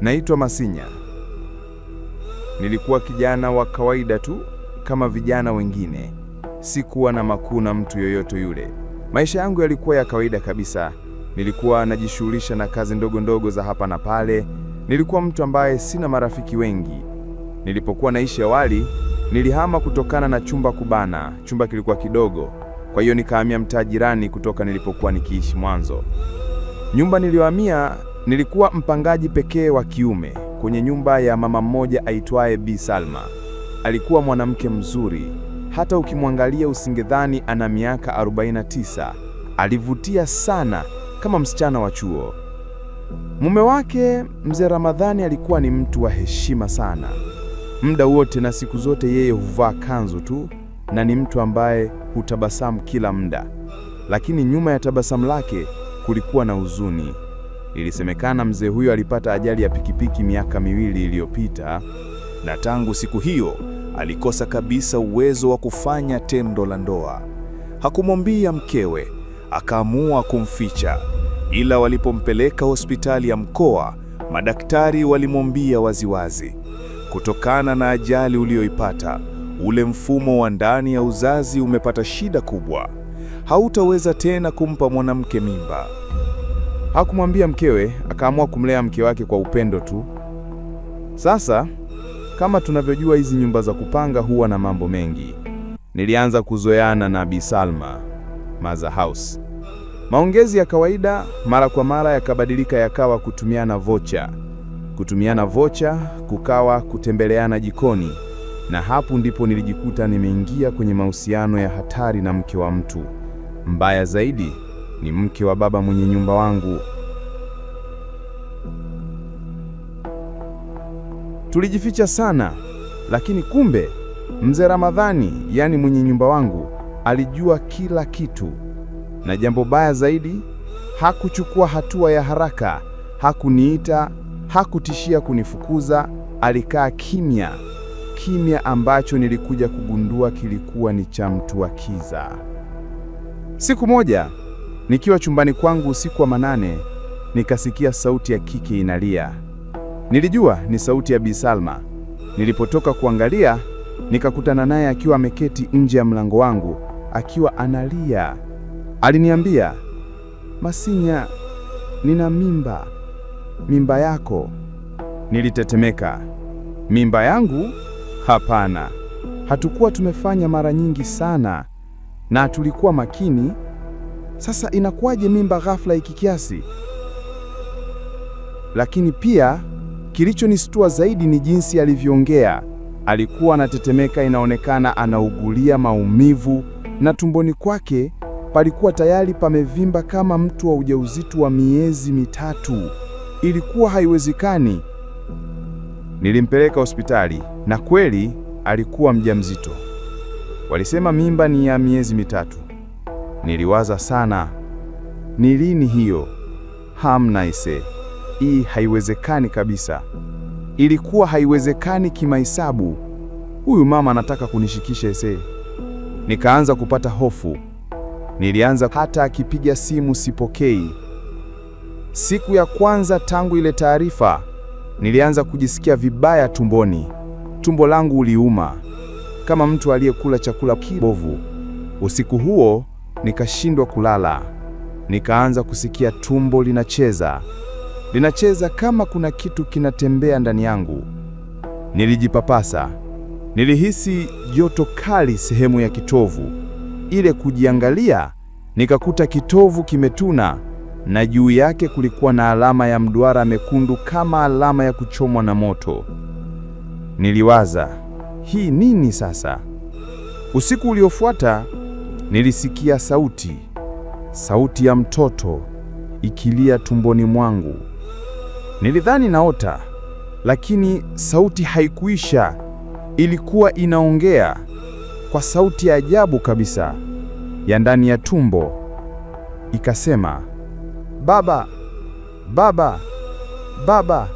Naitwa Masinya. Nilikuwa kijana wa kawaida tu kama vijana wengine. Sikuwa na makuu na mtu yoyote yule. Maisha yangu yalikuwa ya kawaida kabisa. Nilikuwa najishughulisha na kazi ndogo ndogo za hapa na pale. Nilikuwa mtu ambaye sina marafiki wengi. Nilipokuwa naishi awali, nilihama kutokana na chumba kubana. Chumba kilikuwa kidogo, kwa hiyo nikahamia mtaa jirani kutoka nilipokuwa nikiishi mwanzo. Nyumba niliyohamia Nilikuwa mpangaji pekee wa kiume kwenye nyumba ya mama mmoja aitwaye Bi Salma. Alikuwa mwanamke mzuri, hata ukimwangalia usingedhani ana miaka 49. Alivutia sana kama msichana wa chuo. Mume wake Mzee Ramadhani alikuwa ni mtu wa heshima sana. Muda wote na siku zote yeye huvaa kanzu tu na ni mtu ambaye hutabasamu kila muda. Lakini nyuma ya tabasamu lake kulikuwa na huzuni. Ilisemekana mzee huyo alipata ajali ya pikipiki miaka miwili iliyopita, na tangu siku hiyo alikosa kabisa uwezo wa kufanya tendo la ndoa. Hakumwambia mkewe, akaamua kumficha, ila walipompeleka hospitali ya mkoa, madaktari walimwambia waziwazi, kutokana na ajali uliyoipata, ule mfumo wa ndani ya uzazi umepata shida kubwa, hautaweza tena kumpa mwanamke mimba. Hakumwambia mkewe, akaamua kumlea mke wake kwa upendo tu. Sasa kama tunavyojua, hizi nyumba za kupanga huwa na mambo mengi. Nilianza kuzoeana na Bi Salma Maza House. Maongezi ya kawaida mara kwa mara yakabadilika, yakawa kutumiana vocha, kutumiana vocha, kukawa kutembeleana jikoni, na hapo ndipo nilijikuta nimeingia kwenye mahusiano ya hatari na mke wa mtu. Mbaya zaidi ni mke wa baba mwenye nyumba wangu. Tulijificha sana, lakini kumbe mzee Ramadhani, yaani mwenye nyumba wangu, alijua kila kitu, na jambo baya zaidi, hakuchukua hatua ya haraka. Hakuniita, hakutishia kunifukuza, alikaa kimya kimya ambacho nilikuja kugundua kilikuwa ni cha mtu wa kiza. Siku moja Nikiwa chumbani kwangu usiku wa manane, nikasikia sauti ya kike inalia. Nilijua ni sauti ya Bi Salma. Nilipotoka kuangalia, nikakutana naye akiwa ameketi nje ya mlango wangu akiwa analia. Aliniambia, Masinya, nina mimba, mimba yako. Nilitetemeka. Mimba yangu? Hapana, hatukuwa tumefanya mara nyingi sana na tulikuwa makini sasa inakuwaje mimba ghafla iki kiasi? Lakini pia kilichonistua zaidi ni jinsi alivyoongea. Alikuwa anatetemeka, inaonekana anaugulia maumivu, na tumboni kwake palikuwa tayari pamevimba kama mtu wa ujauzito wa miezi mitatu. Ilikuwa haiwezekani. Nilimpeleka hospitali na kweli alikuwa mjamzito. Walisema mimba ni ya miezi mitatu. Niliwaza sana, ni lini hiyo? Hamnaise, hii haiwezekani kabisa. Ilikuwa haiwezekani kimahesabu. Huyu mama anataka kunishikisha ese. Nikaanza kupata hofu, nilianza hata akipiga simu sipokei. Siku ya kwanza tangu ile taarifa, nilianza kujisikia vibaya tumboni. Tumbo langu uliuma kama mtu aliyekula chakula kibovu. Usiku huo nikashindwa kulala, nikaanza kusikia tumbo linacheza linacheza kama kuna kitu kinatembea ndani yangu. Nilijipapasa, nilihisi joto kali sehemu ya kitovu. Ile kujiangalia, nikakuta kitovu kimetuna na juu yake kulikuwa na alama ya mduara mekundu kama alama ya kuchomwa na moto. Niliwaza, hii nini sasa? Usiku uliofuata Nilisikia sauti, sauti ya mtoto ikilia tumboni mwangu. Nilidhani naota, lakini sauti haikuisha. Ilikuwa inaongea kwa sauti ya ajabu kabisa ya ndani ya tumbo. Ikasema, baba, baba, baba.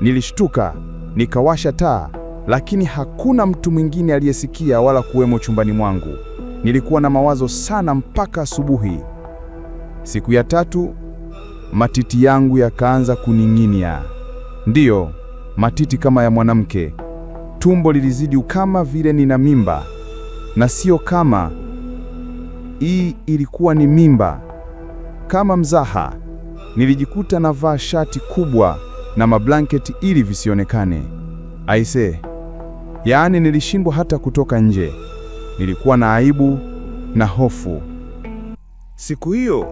Nilishtuka, nikawasha taa, lakini hakuna mtu mwingine aliyesikia wala kuwemo chumbani mwangu. Nilikuwa na mawazo sana mpaka asubuhi. Siku ya tatu matiti yangu yakaanza kuning'inia, ndiyo matiti kama ya mwanamke. Tumbo lilizidi kama vile nina mimba, na sio kama hii, ilikuwa ni mimba kama mzaha. Nilijikuta navaa shati kubwa na mablanketi ili visionekane. Aise, yaani nilishindwa hata kutoka nje. Nilikuwa na aibu na hofu. Siku hiyo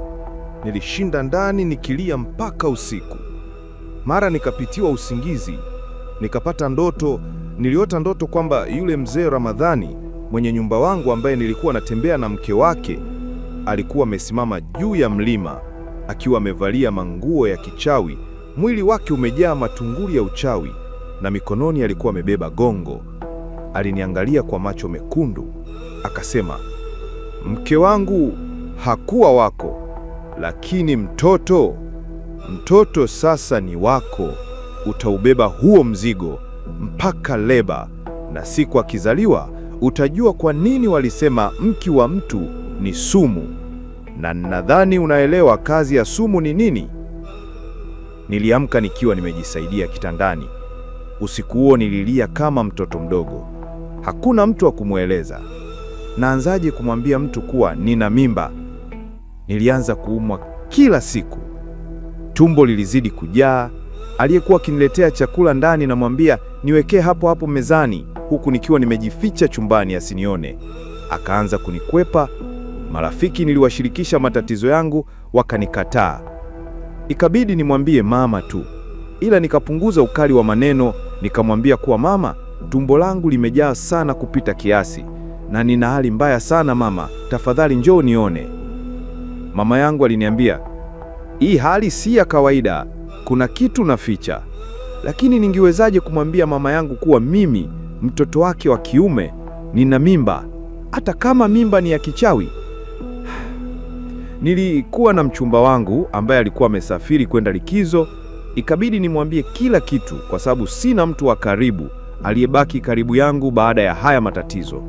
nilishinda ndani nikilia mpaka usiku. Mara nikapitiwa usingizi, nikapata ndoto. Niliota ndoto kwamba yule mzee Ramadhani mwenye nyumba wangu ambaye nilikuwa natembea na mke wake alikuwa amesimama juu ya mlima akiwa amevalia manguo ya kichawi, mwili wake umejaa matunguli ya uchawi na mikononi alikuwa amebeba gongo. Aliniangalia kwa macho mekundu akasema, mke wangu hakuwa wako, lakini mtoto, mtoto sasa ni wako. Utaubeba huo mzigo mpaka leba, na siku akizaliwa utajua kwa nini walisema mki wa mtu ni sumu, na nadhani unaelewa kazi ya sumu ni nini. Niliamka nikiwa nimejisaidia kitandani. Usiku huo nililia kama mtoto mdogo, hakuna mtu wa kumweleza naanzaje kumwambia mtu kuwa nina mimba? Nilianza kuumwa kila siku, tumbo lilizidi kujaa. Aliyekuwa akiniletea chakula ndani, namwambia niwekee hapo hapo mezani, huku nikiwa nimejificha chumbani asinione. Akaanza kunikwepa. Marafiki niliwashirikisha matatizo yangu, wakanikataa. Ikabidi nimwambie mama tu, ila nikapunguza ukali wa maneno, nikamwambia kuwa mama, tumbo langu limejaa sana kupita kiasi na nina hali mbaya sana mama, tafadhali njoo nione Mama yangu aliniambia, hii hali si ya kawaida, kuna kitu naficha. Lakini ningiwezaje kumwambia mama yangu kuwa mimi mtoto wake wa kiume nina mimba, hata kama mimba ni ya kichawi? Nilikuwa na mchumba wangu ambaye alikuwa amesafiri kwenda likizo, ikabidi nimwambie kila kitu, kwa sababu sina mtu wa karibu aliyebaki karibu yangu baada ya haya matatizo.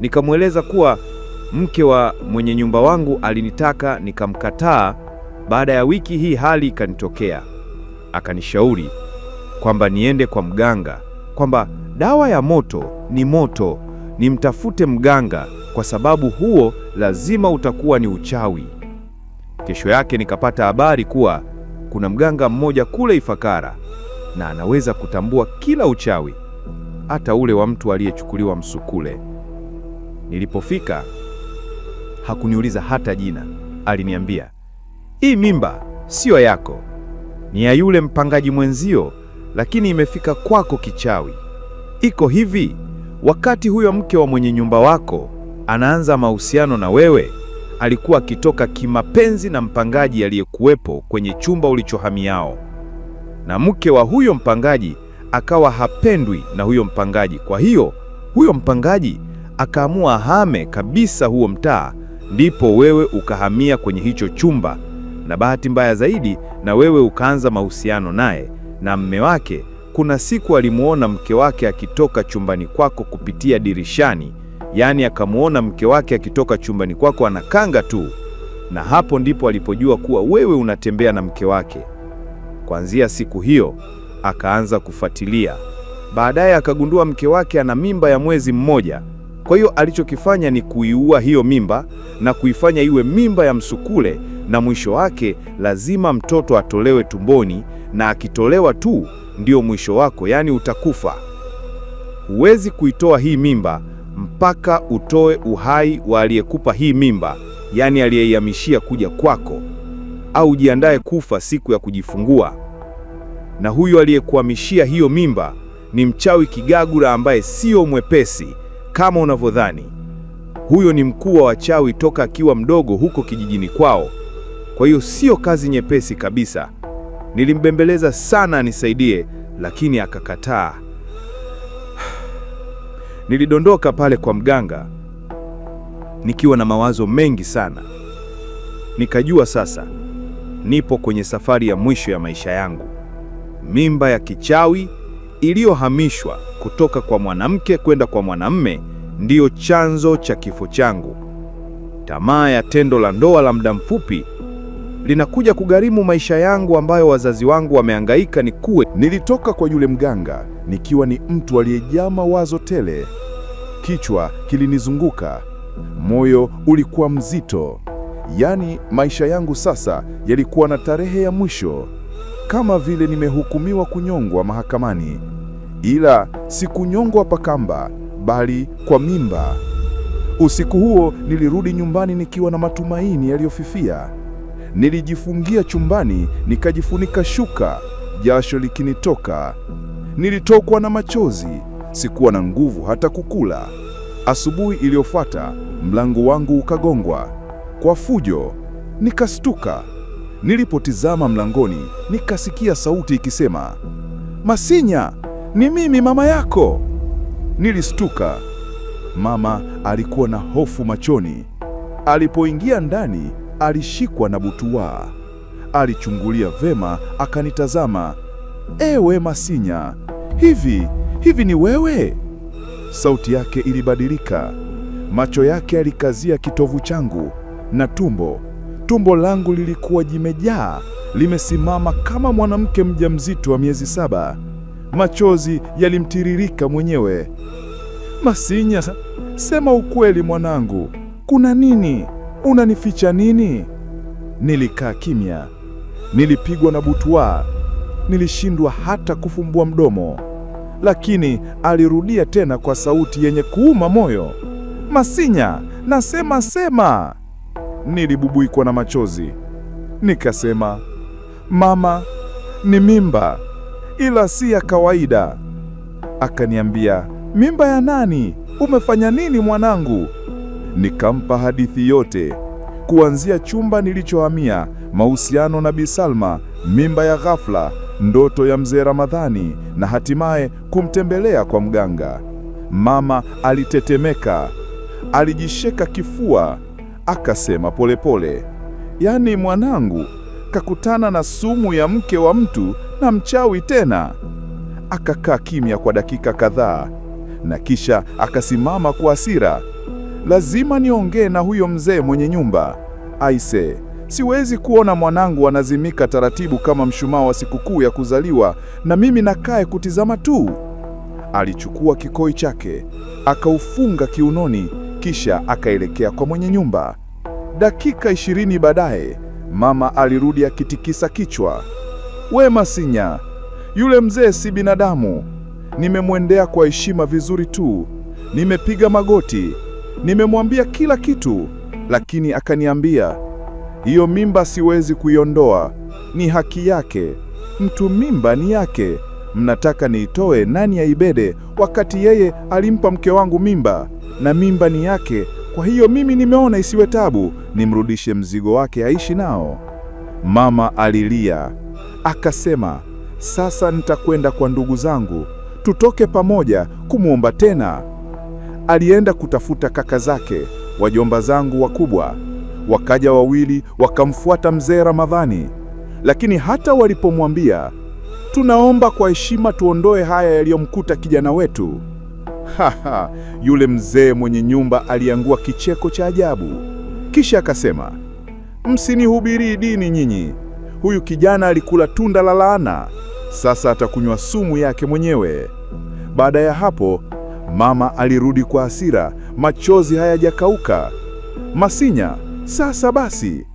Nikamweleza kuwa mke wa mwenye nyumba wangu alinitaka nikamkataa. Baada ya wiki hii hali ikanitokea, akanishauri kwamba niende kwa mganga, kwamba dawa ya moto ni moto, nimtafute mganga kwa sababu huo lazima utakuwa ni uchawi. Kesho yake nikapata habari kuwa kuna mganga mmoja kule Ifakara na anaweza kutambua kila uchawi, hata ule wa mtu aliyechukuliwa msukule. Nilipofika hakuniuliza hata jina, aliniambia hii mimba siyo yako, ni ya yule mpangaji mwenzio, lakini imefika kwako kichawi. Iko hivi, wakati huyo mke wa mwenye nyumba wako anaanza mahusiano na wewe, alikuwa akitoka kimapenzi na mpangaji aliyekuwepo kwenye chumba ulichohamiao, na mke wa huyo mpangaji akawa hapendwi na huyo mpangaji. Kwa hiyo huyo mpangaji akaamua ahame kabisa huo mtaa, ndipo wewe ukahamia kwenye hicho chumba, na bahati mbaya zaidi, na wewe ukaanza mahusiano naye na mme wake. Kuna siku alimuona mke wake akitoka chumbani kwako kupitia dirishani, yaani akamuona mke wake akitoka chumbani kwako anakanga tu, na hapo ndipo alipojua kuwa wewe unatembea na mke wake. Kuanzia siku hiyo akaanza kufuatilia. Baadaye akagundua mke wake ana mimba ya mwezi mmoja. Kwa hiyo alichokifanya ni kuiua hiyo mimba na kuifanya iwe mimba ya msukule, na mwisho wake lazima mtoto atolewe tumboni, na akitolewa tu ndio mwisho wako, yaani utakufa. Huwezi kuitoa hii mimba mpaka utoe uhai wa aliyekupa hii mimba, yaani aliyeihamishia kuja kwako, au ujiandae kufa siku ya kujifungua. Na huyu aliyekuhamishia hiyo mimba ni mchawi kigagura, ambaye sio mwepesi kama unavyodhani. Huyo ni mkuu wa wachawi toka akiwa mdogo huko kijijini kwao. Kwa hiyo sio kazi nyepesi kabisa. Nilimbembeleza sana anisaidie, lakini akakataa. Nilidondoka pale kwa mganga nikiwa na mawazo mengi sana. Nikajua sasa nipo kwenye safari ya mwisho ya maisha yangu, mimba ya kichawi iliyohamishwa kutoka kwa mwanamke kwenda kwa mwanamme ndiyo chanzo cha kifo changu. Tamaa ya tendo la ndoa la muda mfupi linakuja kugharimu maisha yangu ambayo wazazi wangu wamehangaika kuwe Nilitoka kwa yule mganga nikiwa ni mtu aliyejaa mawazo tele. Kichwa kilinizunguka, moyo ulikuwa mzito. Yaani maisha yangu sasa yalikuwa na tarehe ya mwisho kama vile nimehukumiwa kunyongwa mahakamani, ila sikunyongwa pa kamba, bali kwa mimba. Usiku huo nilirudi nyumbani nikiwa na matumaini yaliyofifia. Nilijifungia chumbani, nikajifunika shuka, jasho likinitoka. Nilitokwa na machozi, sikuwa na nguvu hata kukula. Asubuhi iliyofuata mlango wangu ukagongwa kwa fujo, nikastuka. Nilipotizama mlangoni, nikasikia sauti ikisema, Masinya, ni mimi mama yako. Nilistuka. Mama alikuwa na hofu machoni. Alipoingia ndani, alishikwa na butwaa. Alichungulia vema, akanitazama. Ewe Masinya, hivi hivi ni wewe? Sauti yake ilibadilika, macho yake alikazia kitovu changu na tumbo Tumbo langu lilikuwa jimejaa, limesimama kama mwanamke mjamzito wa miezi saba. Machozi yalimtiririka mwenyewe. Masinya, sema ukweli mwanangu, kuna nini? Unanificha nini? Nilikaa kimya. Nilipigwa na butwa, nilishindwa hata kufumbua mdomo. Lakini alirudia tena kwa sauti yenye kuuma moyo, Masinya, nasema sema nilibubuikwa na machozi. Nikasema, mama, ni mimba, ila si ya kawaida. Akaniambia, mimba ya nani? Umefanya nini mwanangu? Nikampa hadithi yote kuanzia chumba nilichohamia, mahusiano na Bi Salma, mimba ya ghafla, ndoto ya mzee Ramadhani na hatimaye kumtembelea kwa mganga. Mama alitetemeka, alijisheka kifua akasema polepole, yaani mwanangu kakutana na sumu ya mke wa mtu na mchawi tena. Akakaa kimya kwa dakika kadhaa na kisha akasimama kwa hasira. Lazima niongee na huyo mzee mwenye nyumba. Aise, siwezi kuona mwanangu anazimika taratibu kama mshumaa wa sikukuu ya kuzaliwa na mimi nakae kutizama tu. Alichukua kikoi chake akaufunga kiunoni kisha akaelekea kwa mwenye nyumba. Dakika ishirini baadaye mama alirudi akitikisa kichwa. We Masinya, yule mzee si binadamu. Nimemwendea kwa heshima vizuri tu, nimepiga magoti, nimemwambia kila kitu, lakini akaniambia hiyo mimba siwezi kuiondoa, ni haki yake. Mtu mimba ni yake, mnataka niitoe, nani aibede wakati yeye alimpa mke wangu mimba? na mimba ni yake, kwa hiyo mimi nimeona isiwe tabu, nimrudishe mzigo wake aishi nao. Mama alilia akasema, sasa nitakwenda kwa ndugu zangu, tutoke pamoja kumwomba tena. Alienda kutafuta kaka zake, wajomba zangu wakubwa. Wakaja wawili wakamfuata mzee Ramadhani, lakini hata walipomwambia tunaomba kwa heshima tuondoe haya yaliyomkuta kijana wetu Haha, yule mzee mwenye nyumba aliangua kicheko cha ajabu, kisha akasema, msinihubirii dini nyinyi. Huyu kijana alikula tunda la laana, sasa atakunywa sumu yake mwenyewe. Baada ya hapo, mama alirudi kwa hasira, machozi hayajakauka. Masinya, sasa basi,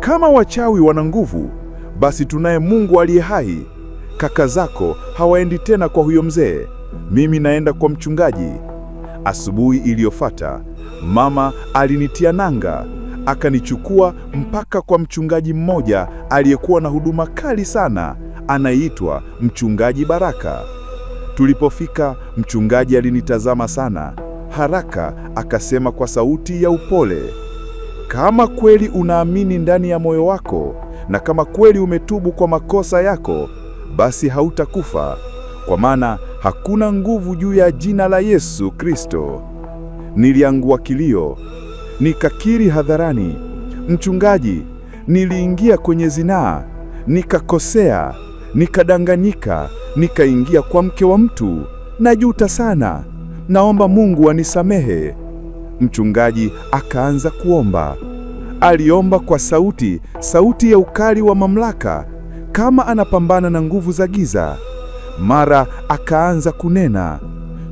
kama wachawi wana nguvu, basi tunaye Mungu aliye hai. Kaka zako hawaendi tena kwa huyo mzee mimi naenda kwa mchungaji. Asubuhi iliyofuata mama alinitia nanga, akanichukua mpaka kwa mchungaji mmoja aliyekuwa na huduma kali sana, anaitwa mchungaji Baraka. Tulipofika, mchungaji alinitazama sana, haraka akasema kwa sauti ya upole, kama kweli unaamini ndani ya moyo wako na kama kweli umetubu kwa makosa yako, basi hautakufa, kwa maana hakuna nguvu juu ya jina la Yesu Kristo. Niliangua kilio, nikakiri hadharani, mchungaji, niliingia kwenye zinaa, nikakosea, nikadanganyika, nikaingia kwa mke wa mtu. Najuta sana, naomba Mungu anisamehe. Mchungaji akaanza kuomba. Aliomba kwa sauti, sauti ya ukali wa mamlaka, kama anapambana na nguvu za giza. Mara akaanza kunena,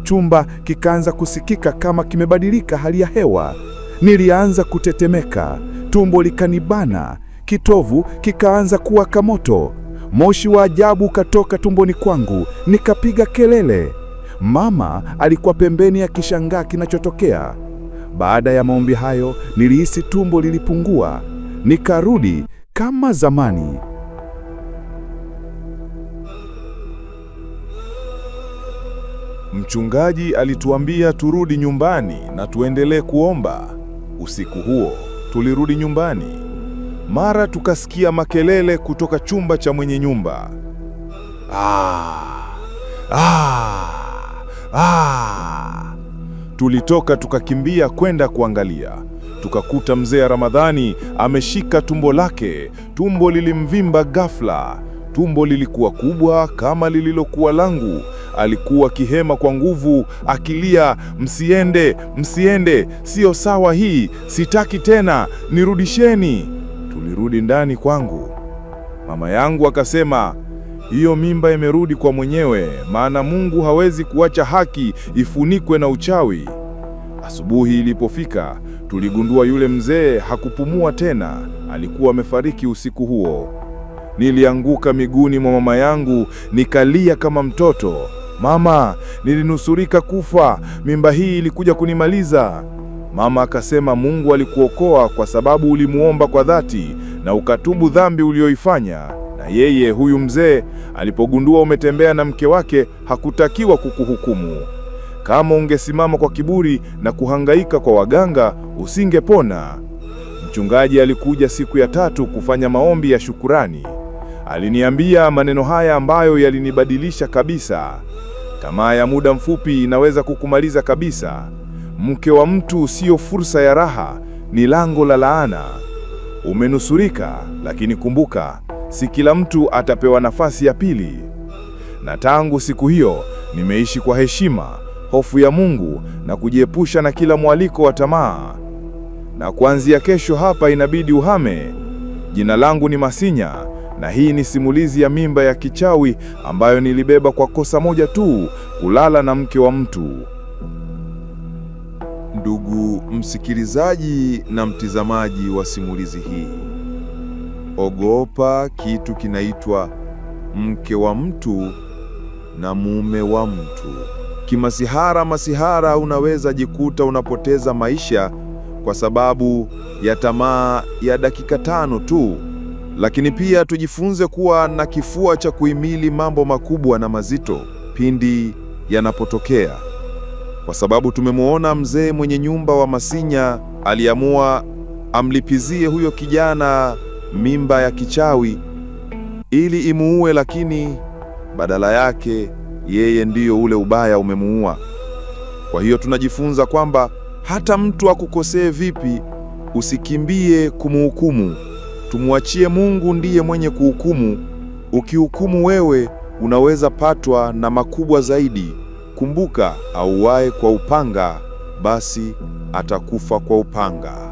chumba kikaanza kusikika kama kimebadilika hali ya hewa. Nilianza kutetemeka, tumbo likanibana, kitovu kikaanza kuwaka moto. Moshi wa ajabu ukatoka tumboni kwangu, nikapiga kelele. Mama alikuwa pembeni akishangaa kinachotokea. Baada ya maombi hayo, nilihisi tumbo lilipungua, nikarudi kama zamani. Mchungaji alituambia turudi nyumbani na tuendelee kuomba. Usiku huo tulirudi nyumbani. Mara tukasikia makelele kutoka chumba cha mwenye nyumba. Ah, ah, ah. Tulitoka tukakimbia kwenda kuangalia. Tukakuta mzee Ramadhani ameshika tumbo lake. Tumbo lilimvimba ghafla. Tumbo lilikuwa kubwa kama lililokuwa langu. Alikuwa kihema kwa nguvu akilia, msiende, msiende, siyo sawa hii, sitaki tena, nirudisheni. Tulirudi ndani kwangu. Mama yangu akasema, hiyo mimba imerudi kwa mwenyewe, maana Mungu hawezi kuacha haki ifunikwe na uchawi. Asubuhi ilipofika, tuligundua yule mzee hakupumua tena, alikuwa amefariki usiku huo. Nilianguka miguuni mwa mama yangu nikalia kama mtoto. Mama, nilinusurika kufa, mimba hii ilikuja kunimaliza. Mama akasema, Mungu alikuokoa kwa sababu ulimuomba kwa dhati na ukatubu dhambi uliyoifanya. Na yeye huyu mzee alipogundua umetembea na mke wake, hakutakiwa kukuhukumu. Kama ungesimama kwa kiburi na kuhangaika kwa waganga, usingepona. Mchungaji alikuja siku ya tatu kufanya maombi ya shukurani. Aliniambia maneno haya ambayo yalinibadilisha kabisa. Tamaa ya muda mfupi inaweza kukumaliza kabisa. Mke wa mtu sio fursa ya raha, ni lango la laana. Umenusurika, lakini kumbuka, si kila mtu atapewa nafasi ya pili. Na tangu siku hiyo nimeishi kwa heshima, hofu ya Mungu na kujiepusha na kila mwaliko wa tamaa. Na kuanzia kesho hapa inabidi uhame. Jina langu ni Masinya na hii ni simulizi ya mimba ya kichawi ambayo nilibeba kwa kosa moja tu, kulala na mke wa mtu. Ndugu msikilizaji na mtizamaji wa simulizi hii, ogopa kitu kinaitwa mke wa mtu na mume wa mtu. Kimasihara masihara, unaweza jikuta unapoteza maisha kwa sababu ya tamaa ya dakika tano tu lakini pia tujifunze kuwa na kifua cha kuhimili mambo makubwa na mazito pindi yanapotokea, kwa sababu tumemwona mzee mwenye nyumba wa Masinya aliamua amlipizie huyo kijana mimba ya kichawi ili imuue, lakini badala yake yeye ndiyo ule ubaya umemuua. Kwa hiyo tunajifunza kwamba hata mtu akukosee vipi, usikimbie kumuhukumu Tumwachie Mungu ndiye mwenye kuhukumu. Ukihukumu wewe unaweza patwa na makubwa zaidi. Kumbuka, auaye kwa upanga basi atakufa kwa upanga.